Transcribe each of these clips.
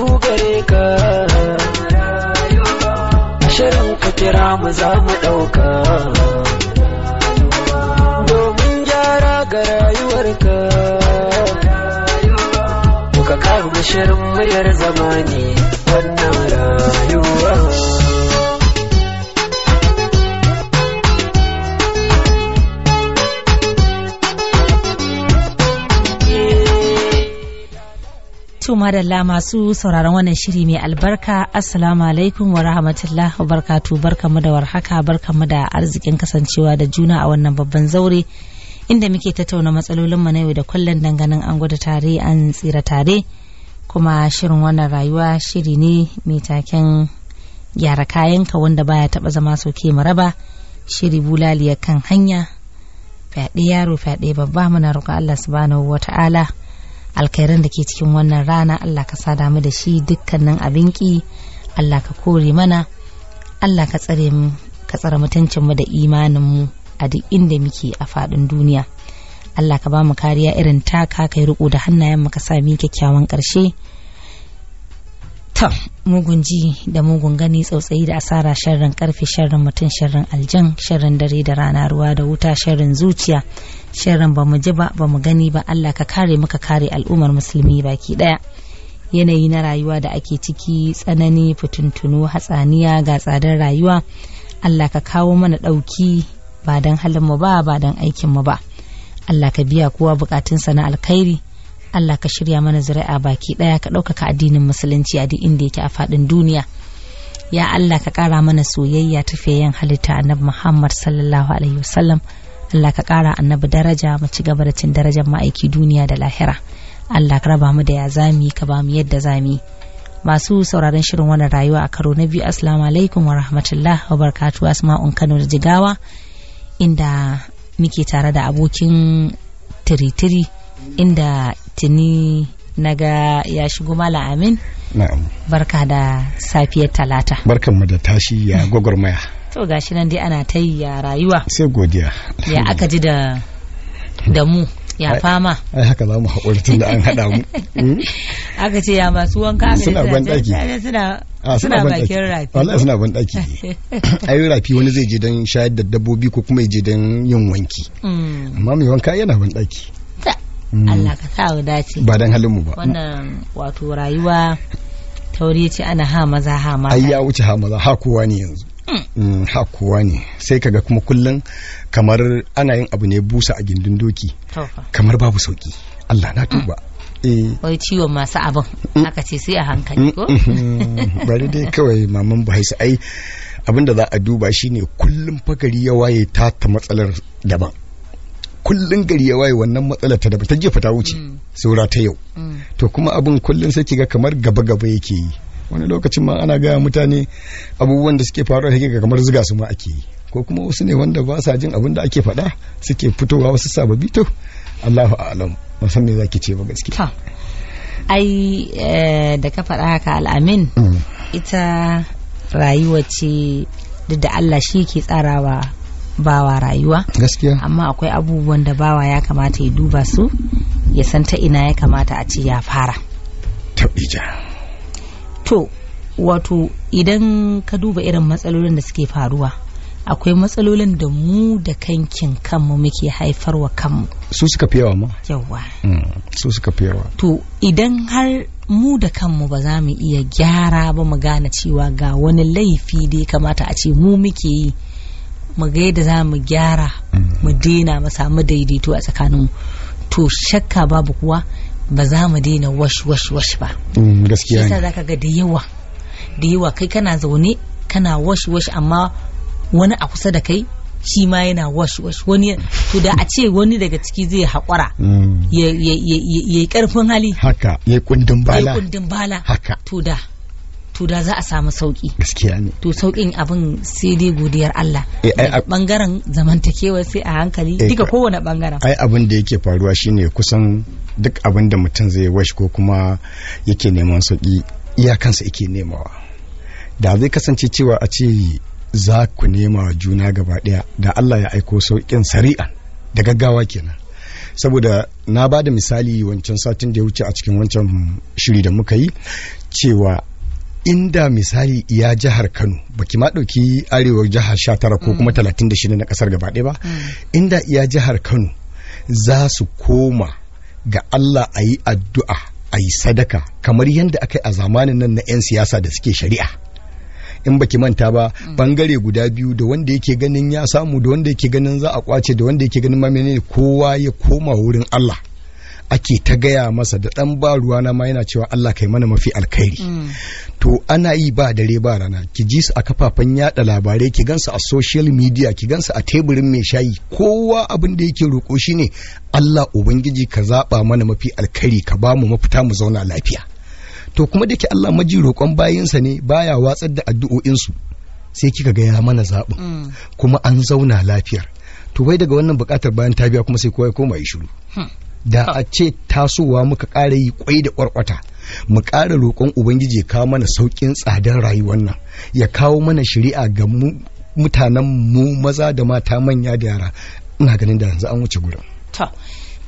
bukatu gare ka shirin ka kira mu za mu ɗauka domin gyara ga rayuwarka muka kama shirin muryar zamani wannan rayuwa To madalla masu sauraron wannan shiri mai albarka assalamu alaikum wa rahmatullah wa barkatu barkamu da warhaka mu da arzikin kasancewa da juna a wannan babban zaure inda muke tattauna matsalolin mu na yau da kullum danganin an gwada tare an tsira tare kuma shirin wannan rayuwa shiri ne mai taken gyara kayanka wanda baya taba zama soke maraba shiri bulaliyar kan hanya fyaɗe yaro fyaɗe babba muna roƙon Allah subhanahu wata'ala alkhairan da ke cikin wannan rana Allah ka sa damu da shi dukkanin abin ki Allah ka kore mana Allah ka tsare mu ka tsare mutuncin mu da imanin mu a duk inda muke a faɗin duniya Allah ka ba mu kariya irin taka kai riko da hannayen mu ka sa kyakkyawan ƙarshe To, mugun ji da mugun gani tsautsayi da asara sharrin karfe sharrin mutum sharrin aljan sharrin dare da rana ruwa da wuta sharrin zuciya sharrin ba mu ji ba ba mu gani ba Allah ka kare muka kare al'ummar musulmi baki daya yanayi na rayuwa da ake ciki tsanani fitintunu hatsaniya ga tsadar rayuwa Allah ka kawo mana ɗauki ba don halin mu ba ba don aikin mu ba Allah ka biya kowa bukatunsa na alkhairi Allah ka shirya mana zuri'a baki ɗaya ka ɗaukaka addinin musulunci a duk inda yake a faɗin duniya ya Allah ka ƙara mana soyayya ta fiyayyen halitta annabi Muhammad sallallahu alaihi wasallam Allah ka ƙara annabi daraja mu ci gaba da cin darajar ma'aiki duniya da lahira Allah ka raba mu da ya zami ka ba mu yadda zami masu sauraron shirin wannan rayuwa a karo na biyu assalamu alaikum wa rahmatullah wa barakatuh asma'un Kano da Jigawa inda muke tare da abokin tiritiri inda tuni naga ya shigo mala amin na'am barka da safiyar talata Barkan mu da tashi ya gwagwarmaya to gashi nan dai ana ta yi ya rayuwa sai godiya ya aka ji da da mu ya fama ai haka za mu haƙuri tun da an haɗa mu hmm? aka ce ya masu wanka suna ban ɗaki ah, suna bakin rafi wallahi suna ban ɗaki ai rafi wani zai je don shayar da dabbobi ko kuma ya je don yin wanki hmm. amma mai wanka yana ban ɗaki Mm. Allah ka sa wa dace ba dan halin mu ba wannan wato rayuwa tauri ce ana ha maza ha mata ai ya wuce ha maza ha kowa ne yanzu mm. Mm, ha kowa ne sai kaga kuma kullum kamar ana yin abu ne busa a gindin doki kamar babu sauki Allah na tuba eh. wai ciwon masu abin aka ce sai a hankali ko bari dai kawai maman buhaisa ai abinda za a duba shine kullum fakari ya waye ta ta matsalar daban kullun gari ya waye wannan matsalar ta da ta jefa ta wuce mm. saura ta yau mm. to kuma abin kullun sai kiga kamar gaba gaba yake yi wani lokacin ma ana gaya mutane abubuwan da suke faruwa ga kamar zuga su ma ake yi ko kuma wasu ne wanda ba sa jin abin da ake faɗa suke fitowa wasu sababbi to Allahu a'lam musan me zaki ce ba gaske ai eh, da ka faɗa haka al'amin mm. ita rayuwa ce duk da Allah shi ke tsarawa bawa rayuwa gaskiya amma akwai abubuwan da bawa ya kamata ya duba su ya san ta ina ya kamata a ce ya fara to wato idan ka duba irin matsalolin da suke faruwa akwai matsalolin da mu da kankin kanmu muke haifarwa kanmu su suka fi yawa ma yawa mm, su suka fi yawa to idan har mu da kanmu ba za mu iya gyara ba mu gane cewa ga wani laifi da ya kamata a ce mu muke yi mu ga yadda za mu gyara mu mm. daina mu samu daidaito a tsakaninmu to shakka babu kuwa ba za mu daina wash wash wash ba mm, gaskiya ne za ka ga da yawa da yawa kai kana zaune kana wash wash amma wani a kusa da kai shi ma yana wash wash wani to da a ce wani daga ciki zai haƙura mm. ya yi ƙarfin hali haka ya yi kundin bala haka to da to da za a samu sauki gaskiya ne to saukin abin sai dai godiyar Allah eh, bangaren zamantakewa sai a hankali eh, duka kowane bangaren ai abin da yake faruwa shine kusan duk abin da mutum zai wash ko kuma yake neman sauki iyakansa yake nemawa da zai kasance cewa a ce za ku nema juna gaba daya da Allah ya aiko saukin sari'a. da gaggawa kenan saboda na ba da misali wancan satin da ya wuce a cikin wancan shiri da muka yi cewa inda misali ya jihar Kano baki ma dauki arewar jihar 19 ko kuma mm. talatin da 36 na kasar gaba ɗaya ba mm. inda iya jihar Kano za su koma ga Allah a yi addu'a a yi sadaka kamar yadda aka yi a zamanin nan na 'yan siyasa da suke shari'a in baki manta ba mm. bangare guda biyu da wanda yake ganin ya samu da wanda yake ganin za a kwace da wanda yake ganin mamene kowa ya koma wurin Allah ake ta gaya masa da ɗan ba ruwa na ma yana cewa Allah kai mana mafi alkhairi mm. to ana yi ba dare ba rana ki ji su a kafafen yada labarai ki gansu a social media ki gansu a teburin mai shayi kowa abin da yake roƙo ne. Allah ubangiji ka zaɓa mana mafi alkhairi ka ba mu mafita mu zauna lafiya to kuma da ke Allah maji roƙon bayinsa ne baya watsar da addu'o'insu sai kika ga ya mana zaɓin mm. kuma an zauna lafiyar to wai daga wannan buƙatar bayan ta biya kuma sai kowa ya koma yi shiru hmm. da a ce tasowa muka ƙara yi kwai da ƙwarƙwata mu ƙara roƙon ubangiji ya kawo mana sauƙin tsadar rayuwar nan ya kawo mana shari'a ga mutanen mu maza da mata manya da yara ina ganin da yanzu an wuce gurin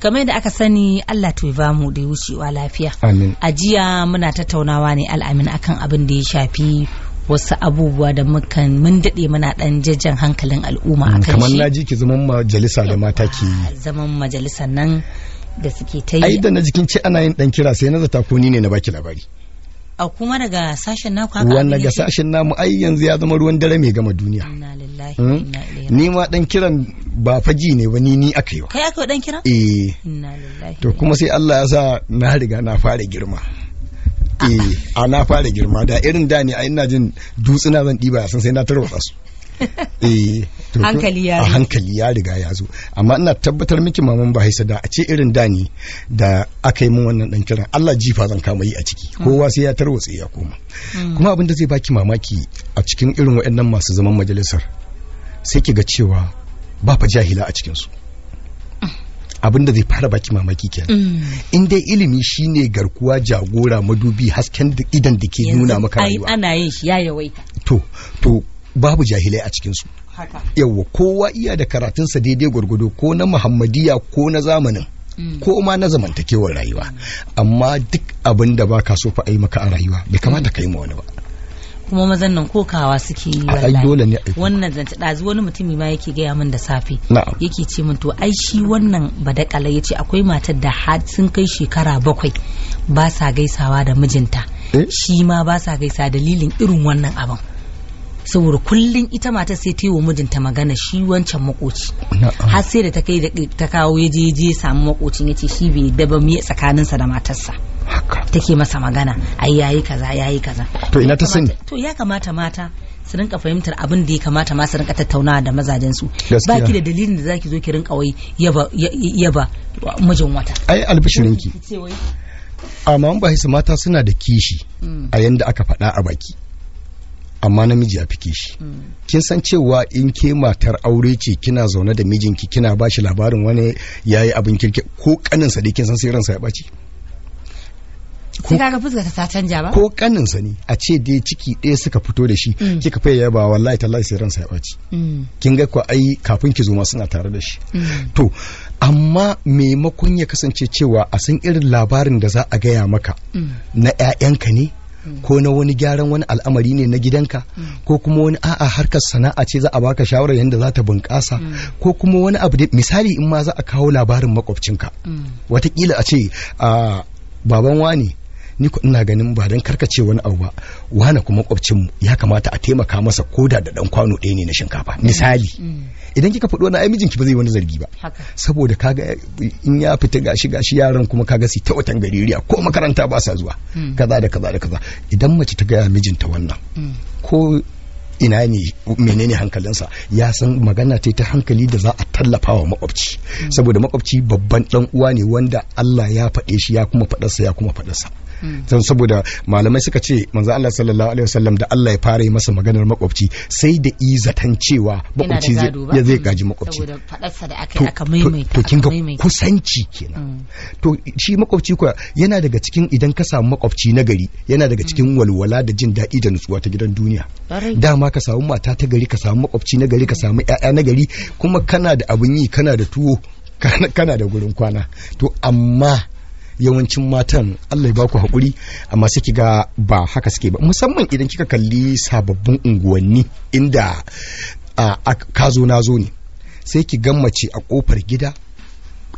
game da aka sani Allah to ba mu da wucewa lafiya. Amin. A jiya muna tattaunawa ne al'amin akan abin da ya shafi wasu abubuwa da mukan mun daɗe muna ɗan jajjan hankalin al'umma a kan shi. Kamar naji ki zaman majalisa da mata ke Zaman majalisa nan da suke ta yi ai da na jikin ce ana yin dan kira sai na zata ko ni ne na baki labari a kuma daga sashen naku haka wannan ga sashen namu ai yanzu ya zama ruwan dare mai gama duniya hmm? ni ma dan kiran ba faji ne ba ni ni aka yi kai aka yi dan kira eh to kuma sai Allah ya sa na riga na fara girma ah. eh a na fara girma da irin da ne a ina jin dutsuna zan diba san sai na tarwatsa su eh hankali ya hankali ya riga ya zo amma ina tabbatar miki maman ba haisa da a ce irin da ne da aka yi min wannan dan kiran Allah jifa zan kama yi a ciki mm. kowa sai ya tarwatse ya koma mm. kuma abin da zai baki mamaki a cikin irin waɗannan masu zaman majalisar sai ki ga cewa ba fa jahila a cikin su mm. abin da zai fara baki mamaki kenan in dai ilimi shine garkuwa jagora madubi hasken idan da ke nuna maka rayuwa ana yin shi ya yawaita to to babu jahilai a cikinsu yawwa kowa iya da karatun karatunsa daidai gwargwado ko na muhammadiya ko na zamanin mm. ko ma na zamantakewar rayuwa amma duk abin da ba ka so fa a maka a rayuwa bai kamata ka yi ma wani ba kuma mazan nan kokawa suke yi wallahi wannan zance dazu wani mutumi ma yake gaya min da safe yake ce min to ai shi wannan badakala yace akwai matar da har sun kai shekara bakwai ba sa gaisawa da mijinta eh? shi ma ba sa gaisa dalilin irin wannan abin saboda kullum ita matar sai ta yi wa mijinta magana shi wancan makoci har sai da ta kai da ta kawo ya je je samu makocin ya ce shi bai daba mu tsakaninsa da matarsa take masa magana ai yayi kaza yayi kaza to ina ta sani to ya kamata mata su rinka fahimtar abin da ya kamata ma su rinka tattaunawa da mazajen su baki da dalilin da zaki zo ki rinka wai yaba mijin wata ai albishirinki amma ba mata suna da kishi hmm. a yanda aka faɗa a baki amma namiji ya fike shi hmm. kin san cewa in ke matar aure ce kina zaune da mijinki kina ba shi labarin wani yayi abin kirki ko kaninsa dai kin san sai sa ya ɓaci kaga fuskar ta canja ba ko kaninsa ne a ce dai ciki ɗaya suka fito da shi hmm. kika fa ba wallahi tallahi sai sa ya bace hmm. kin ga ko ai kafin ki zo ma suna tare da shi to amma maimakon ya kasance cewa a san irin labarin da za a gaya maka na 'ya'yanka ne ko na wani gyaran wani al'amari ne na gidanka ko kuma wani a'a harkar sana'a ce za a baka shawarar yadda za ta bunƙasa ko kuma wani abu da misali in ma za a kawo labarin makwabcinka mm. watakila a ce ah, baban wani ni kuɗin ina ganin ba dan karkace wani abu ba wani kuma kwabcin mu ya kamata a taimaka masa koda da dan kwano ɗaya ne na shinkafa misali mm. idan kika faɗi wani ai mijinki ba zai wani zargi ba saboda kaga in ya fita gashi gashi yaran kuma kaga su ta watan gaririya ko makaranta ba sa zuwa mm. kaza da kaza da kaza idan mace ta gaya mijinta wannan mm. ko ina ne menene hankalinsa ya san magana ta ta hankali da za a tallafa wa makwabci saboda makwabci babban dan uwa ne wanda Allah ya faɗe shi ya kuma faɗarsa ya kuma faɗarsa don saboda malamai suka ce manzo Allah sallallahu alaihi wasallam da Allah ya fara yi masa maganar makwabci sai da izatan cewa makwabci zai zai gaji makwabci to kin ga kusanci kenan mm. to shi makwabci kuwa yana daga cikin idan ka samu makwabci na gari yana daga mm. cikin walwala da jin daɗi da nutsuwa ta gidan duniya dama ka samu mata ta gari ka samu makwabci na gari ka samu ƴaƴa na gari kuma kana da abin yi kana da tuwo kana da gurin kwana to amma yawancin matan Allah ya baku hakuri amma sai kiga ba haka suke ba musamman idan kika kalli sababbin unguwanni inda ka zo na zo ne sai ki gammace a kofar gida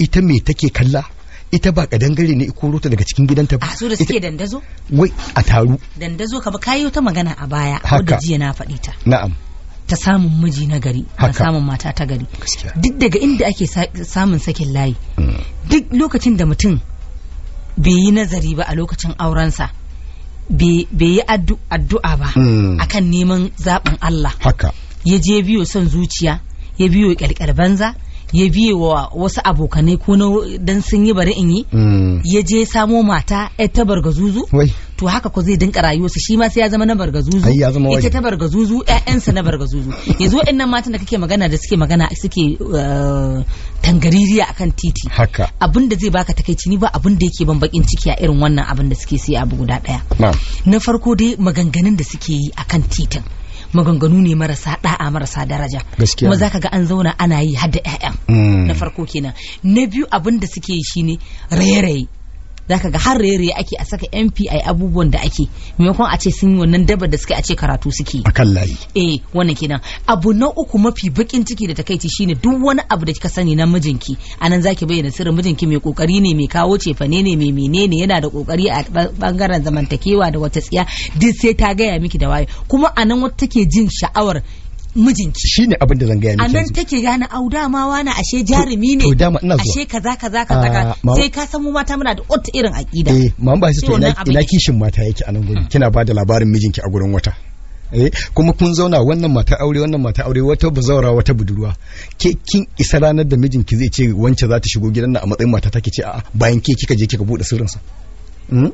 ita me take kalla ita ba ka dangare ne ikoro rota daga cikin gidanta ba. A so da suke dandazo? Wai a taru. Dandazo ka ba kayo ta magana a baya. Haka. Wadda jiya na faɗi ta. Na'am. Ta samun miji na gari. Ta samun mata ta gari. Duk daga inda ake samun sakin layi. Mm. Duk lokacin da mutum bai yi nazari ba a lokacin aurensa bai yi addu'a ba hmm. akan neman zaɓin Allah haka ya je biyo son zuciya ya biyo ƙyalƙyal banza ya biyo wa wasu abokanai ko na dan sun yi bari in yi hmm. ya je samo mata yar tabar zuzu. to haka ko zai dinka rayuwarsa shi ma sai ya zama na bargazuzu ita ta bargazuzu ƴaƴansa na bargazuzu yanzu waɗannan matan da kake magana da suke magana suke uh, tangaririya akan titi haka abin zai baka takaici ni ba abin da yake ban bakin ciki a irin wannan abin da suke sai abu guda ɗaya. na farko dai maganganun da suke yi akan titin maganganu ne marasa da'a marasa daraja kuma zaka ga an zauna ana yi hadda ƴaƴan mm. na farko kenan na biyu abin da suke yi shine raye-raye Za ka ga har rere ake a saka mpi abubuwan da ake maimakon a ce sun yi wannan dabar da suke a ce karatu suke A kan layi eh wannan kenan abu na uku mafi bakin ciki da takaici shine duk wani abu da kika sani na mijinki anan zaki bayyana sirrin mijinki mai kokari ne mai kawo cefane ne mai menene yana da kokari a bangaren zamantakewa da wata tsiya duk sai ta gaya miki da waye kuma anan wata take jin sha'awar mijinki ne abin da zan gaya miki anan take gane au dama wani ashe jarumi ne to dama ina zuwa ashe kaza kaza kaza ah, sai ka samu mata muna da wata irin aqida eh ma'am ba to ina kishin mata yake anan gurin mm. kina ba da labarin mijinki a gurin wata eh kuma kun zauna wannan mata aure wannan mata aure wata buzaura wata budurwa ke kin isa ranar da mijinki zai ce wance za ta shigo gidan nan a matsayin mata take ce a'a bayan ke kika je kika bude sirrinsa hmm?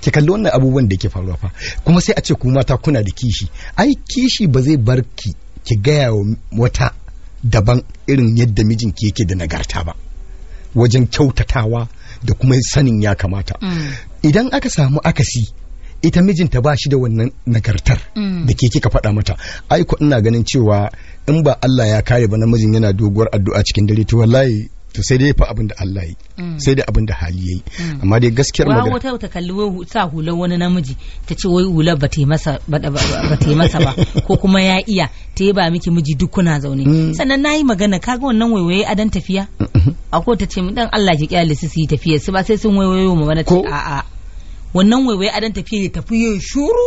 ki kalli wannan abubuwan da ke faruwa fa kuma sai a ce ku mata kuna da kishi ai kishi ba zai bar ki ki gaya wa wata daban irin yadda mijinki yake da nagarta ba wajen kyautatawa da kuma sanin ya kamata mm. idan aka samu akasi ita mijinta ba shi da wannan nagartar mm. da ke kika faɗa mata aiko ina ganin cewa in ba Allah ya kare ba namijin yana doguwar addu'a cikin dare to wallahi to sai dai fa abin da Allah yi mm. sai dai abin da hali yayi mm. amma dai gaskiyar magana wata ta kalli wai sa hular wani namiji ta ce wai hular ba ta yi masa ba ba ko kuma ya iya ta ba miki miji duk kuna zaune mm. sannan nayi magana kaga wannan waiwaye adan tafiya mm-hmm. ako ta ce mu dan Allah ki kyale su su yi tafiya su ba sai sun waiwayo mu mana ce a a wannan waiwaye adan tafiya ya tafi shuru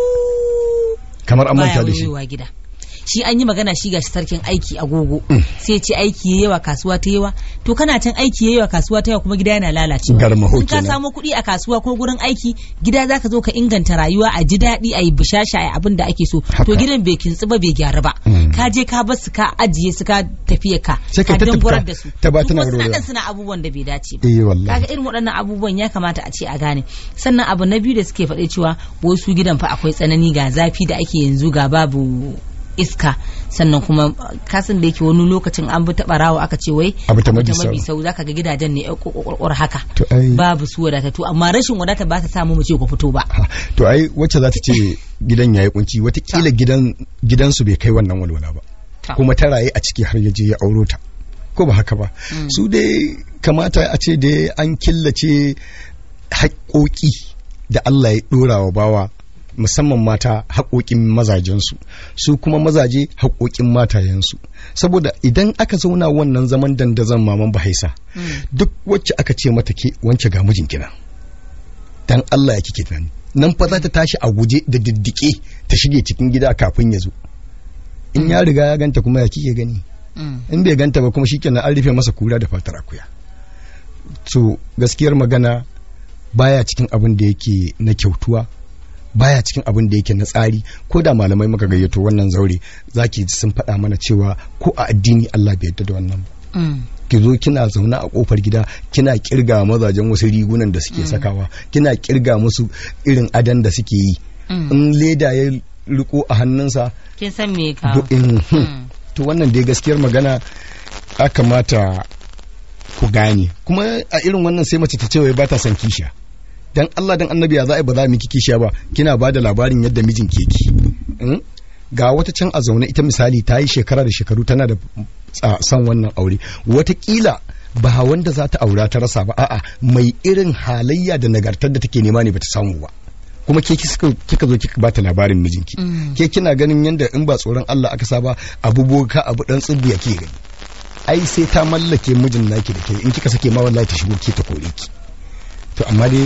kamar an manta da shi shi an yi magana shi gashi sarkin aiki agogo mm. sai ce aiki ya yawa kasuwa ta yawa to kana can aiki ya yawa kasuwa ta yawa kuma gida yana lalace in ka samu kuɗi a kasuwa ko gurin aiki gida za ka zo ka inganta rayuwa a ji daɗi a yi bushasha a abin da ake so to gidan bai kintsi ba bai gyara ba mm. ka je ka bar su ka ajiye su ka tafiya ka ka dangurar da su ta ba tana suna abubuwan da bai dace ba eh, kaga irin waɗannan abubuwan ya kamata a ce a gane sannan abu na biyu da suke faɗe cewa wasu gidan fa akwai tsanani ga zafi da ake yanzu ga babu iska sannan kuma kasan da yake wani lokacin an bi taɓa rawa aka ce wai abu ta mabi sau zaka ga gidajen ne ƙwarƙwarƙwar haka babu su wadata to amma rashin wadata ba ta samu mu ku fito ba to ai wacce za ta ce gidan yayi kunci watakila gidan gidansu bai kai wannan walwala ba kuma ta raye a ciki har yaje ya auro ta ko ba haka ba mm. su dai kamata a ce dai an killace haƙoƙi da Allah ya ɗora wa bawa musamman mata haƙoƙin mazajensu su kuma mazaje haƙoƙin matayensu saboda idan aka zauna wannan zaman dandazon maman bahaisa duk wacce aka ce mata ke wance ga mijin dan Allah ya kike tunani nan fa za ta tashi a guje da diddike ta shige cikin gida kafin ya zo in ya riga ya ganta kuma ya kike gani mm. in bai ganta ba kuma shikenan an rufe masa kura da fatar akuya to gaskiyar magana baya cikin abin da yake na kyautuwa baya cikin abin da yake na tsari ko da malamai muka gayyato wannan zaure zaki sun faɗa mana cewa ko a addini Allah bai yarda da wannan ba mm. ki zo kina zaune a kofar gida kina kirga mazajen wasu rigunan da suke mm. sakawa kina kirga musu irin adan da suke yi mm. in leda ya riko a hannunsa kin san me ka hmm. to wannan dai gaskiyar magana akamata ku gane kuma a irin wannan sai mace ta ce wai ba ta son kisha dan Allah dan annabi ya za ba za mu kike kishiya ba kina ba da labarin yadda mijin ke ki hmm? ga wata can a zaune ita misali ta yi shekara da shekaru tana da son wannan aure Wata kila ba wanda za ta aura ta rasa ba a'a mai irin halayya da nagartar da take nema ne ba ta samu ba kuma ke kika zo kika bata labarin mijinki mm. ke kina ganin yadda in ba tsoron Allah aka saba abubuwa ka abu dan tsibbi ke gani ai sai ta mallake mijin naki da ke in kika sake ma wallahi ta shigo ke ta kore ki to amma dai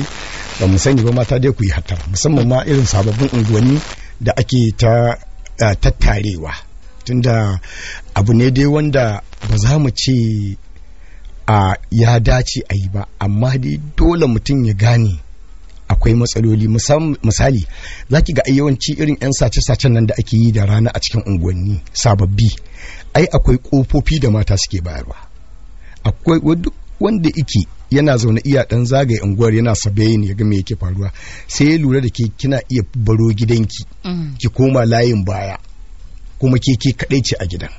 ba mu sani ba mata dai ku yi hatta musamman ma irin sababbin unguwanni da ake ta tattarewa tunda abu ne dai wanda ba za mu ce a ya dace a yi ba amma dai dole mutum ya gane akwai matsaloli misali za ki ga yawanci irin 'yan sace-sacen nan da ake yi da rana a cikin unguwanni sababbi ai akwai kofofi da mata suke bayarwa akwai wanda ike yana zaune iya dan zagaye unguwar yana sabayin ya ga me yake faruwa sai ya lura da ke kina iya baro gidanki mm. ki koma layin baya kuma ke ke kadai ce a gidan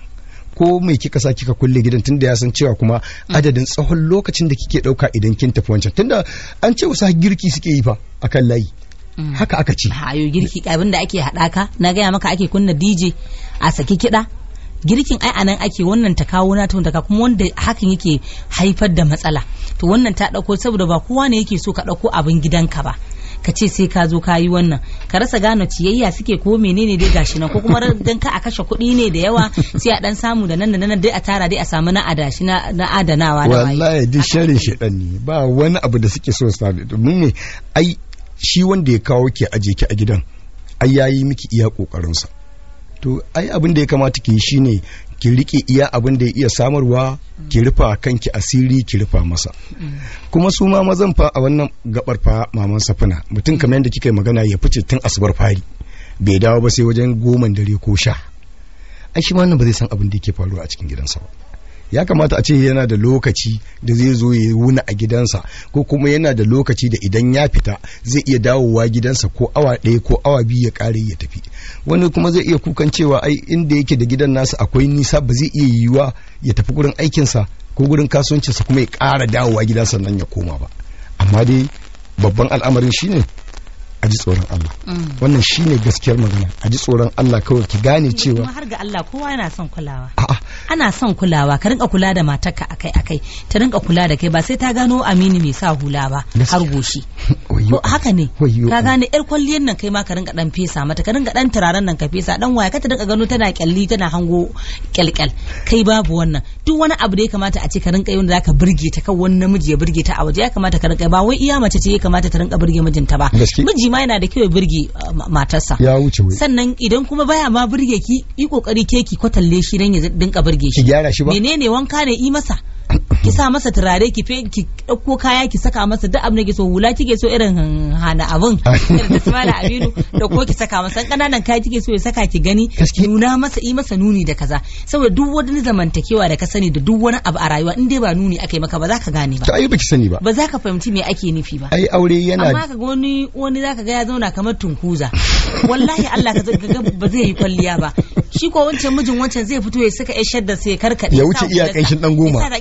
ko mai kika sa kika kulle gidan tunda ya san cewa kuma mm. adadin tsawon lokacin da kike dauka idan kin tafi wancan tunda an ce wasu girki suke yi fa akan layi mm. haka aka ce ayo girki abin da ake haɗaka na gaya maka ake kunna DJ a saki kiɗa girkin ai anan ake wannan ta kawo na ta kuma wanda hakan yake haifar da matsala to wannan ta dauko saboda ba kowa ne yake so ka dauko abin gidanka ba ka ce sai ka zo ka yi wannan ka rasa gano ciyayya suke ko menene dai gashi nan ko kuma dan ka a kashe kuɗi ne da yawa sai a dan samu da nan da nan dai a tara dai a samu na adashi na adanawa da wallahi duk sharri shedan ne ba wani abu da suke so su domin ne ai shi wanda ya kawo ke aje ki a gidan ai yayi miki iya kokarin sa to ai abin da ya kamata ki shine ki rike iya abin da ya iya samarwa ki rufa kanki asiri ki rufa masa kuma su ma mazan fa a wannan gabar fa maman safina mutum kamar yadda kika yi magana ya fice tun asubar fari bai dawo ba sai wajen goman dare ko sha ai shi ma nan ba zai san abin da yake faruwa a cikin gidansa ba ya kamata a ce yana da lokaci da zai zo ya wuna a gidansa ko kuma yana da lokaci da idan ya fita zai iya dawowa gidansa ko awa ɗaya ko awa biyu ya ƙare ya tafi wani kuma zai iya kukan cewa ai inda yake da gidan nasa akwai nisa ba zai iya yiwuwa ya tafi gurin aikinsa ko gurin kasuwancinsa kuma ya ƙara dawowa gida sannan ya koma ba amma dai babban al'amarin shine a ji tsoron Allah wannan shine gaskiyar magana a ji tsoron Allah kawai ki gane cewa har ga Allah kowa yana son kulawa ana son kulawa ka rinka kula da matarka akai akai ta rinka kula da kai ba sai ta gano Aminu mai sa hula ba har goshi haka ne ka gane yar kwalliyar nan kai ma ka rinka dan fesa mata ka rinka dan turaren nan ka fesa dan waya ka ta rinka gano tana kyalli tana hango kyalkyal kai babu wannan duk wani abu da ya kamata a ce ka rinka yau da zaka burge ta kan wani namiji ya burge ta a waje ya kamata ka rinka ba wai iya mace ce ya kamata ta rinka burge mijinta ba miji ma yana da kyau ya burge uh, matarsa ya wuce wai sannan idan kuma baya ma burge ki yi kokari ke ki kwatalle shi dan ya dinka burge shi ki gyara shi ba menene wanka ne yi masa ki sa masa turare ki fe ki ɗauko kaya ki saka masa duk abin da ke so hula kike so irin hana abin irin da Aminu da ko ki saka masa ƙananan kaya kike so ya saka ki gani nuna masa yi masa nuni da kaza saboda duk wani zamantakewa da ka sani da duk wani abu a rayuwa in dai ba nuni akai maka ba za ka gane ba ai baki sani ba ba za ka fahimci me ake nufi ba ai aure yana amma ka wani wani za ka ga ya zauna kamar tunkuza wallahi Allah ka ga ba zai yi kwalliya ba shi ko wancan mijin wancan zai fito ya saka ya shaddar sai karkade ya wuce iyakan shi dan goma yana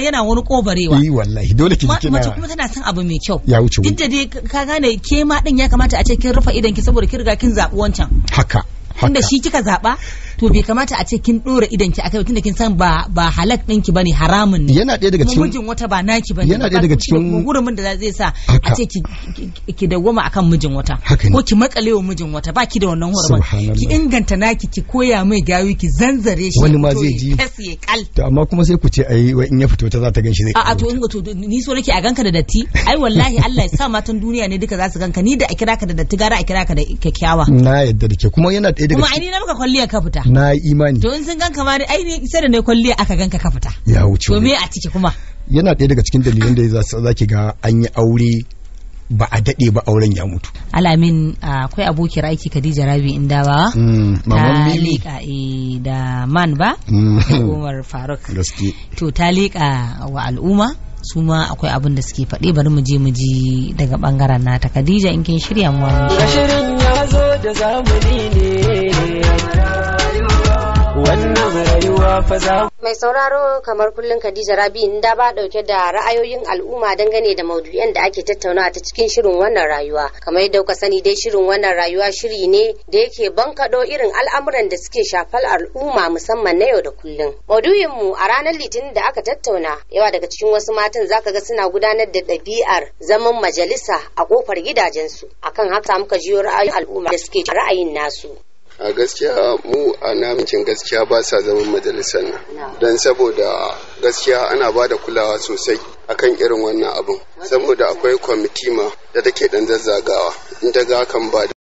yana wani kobarewa eh wallahi dole ki kina mace kuma tana son abu mai kyau ya wuce duk da dai ka gane ke ma din ya kamata a ce kin rufa idan ki saboda kin riga kin zabi wancan haka tunda shi kika zaba to bai kamata a ce kin dora idan ki akai tunda kin san ba ba halak ki bane haramun ne yana ɗaya daga cikin mijin wata ba naki bane yana ɗaya daga cikin gurumin da zai sa a ce ki ki dawoma akan mijin wata ko ki makalewa mijin wata ba ki da wannan hormon ki inganta naki ki koya mai gawi ki zanzare shi wani ma zai ji to amma kuma sai ku ce ai in ya fito ta za ta ganshi zai a to in to ni so nake a ganka da datti ai wallahi Allah ya sa matan duniya ne duka za su ganka ni da a kira ka da datti gara a kira ka da kyakkyawa na yadda da ke kuma yana ɗaya daga kuma ai ni na maka kwalliya ka fita na na imani to in sun ganka ma ai sai da ne a aka ganka ka fita ya wuce to me a ciki kuma yana ɗaya daga cikin dalilan da za ki ga an yi aure ba a daɗe ba auren ya mutu. Alamin akwai abokiyar aiki Khadija Rabi ba mm, ta liƙa eh, da man ba mm. Umar Faruk. To ta liƙa wa al'umma su ma akwai abin da suke faɗe bari mu je mu ji daga ɓangaren nata Khadija in kin shirya mu. Shirin ya da zamani ne. wannan rayuwa fa za mai sauraro kamar kullum Khadija Rabi inda ba dauke da ra'ayoyin al'umma dangane da maudu'in da ake tattaunawa ta cikin shirin wannan rayuwa kamar yadda kuka sani dai shirin wannan rayuwa shiri ne da yake bankado irin al'amuran da suke shafar al'umma musamman na yau da kullum maudu'in mu a ranar litinin da aka tattauna yawa daga cikin wasu matan zaka ga suna gudanar da ɗabi'ar zaman majalisa a kofar gidajensu akan haka muka jiyo ra'ayoyin al'umma da suke ra'ayin nasu a gaskiya mu a namijin gaskiya ba sa zaman majalisar nan don saboda gaskiya ana ba da kulawa sosai akan irin wannan abin saboda akwai kwamiti ma da take dan zazzagawa in ta kan ba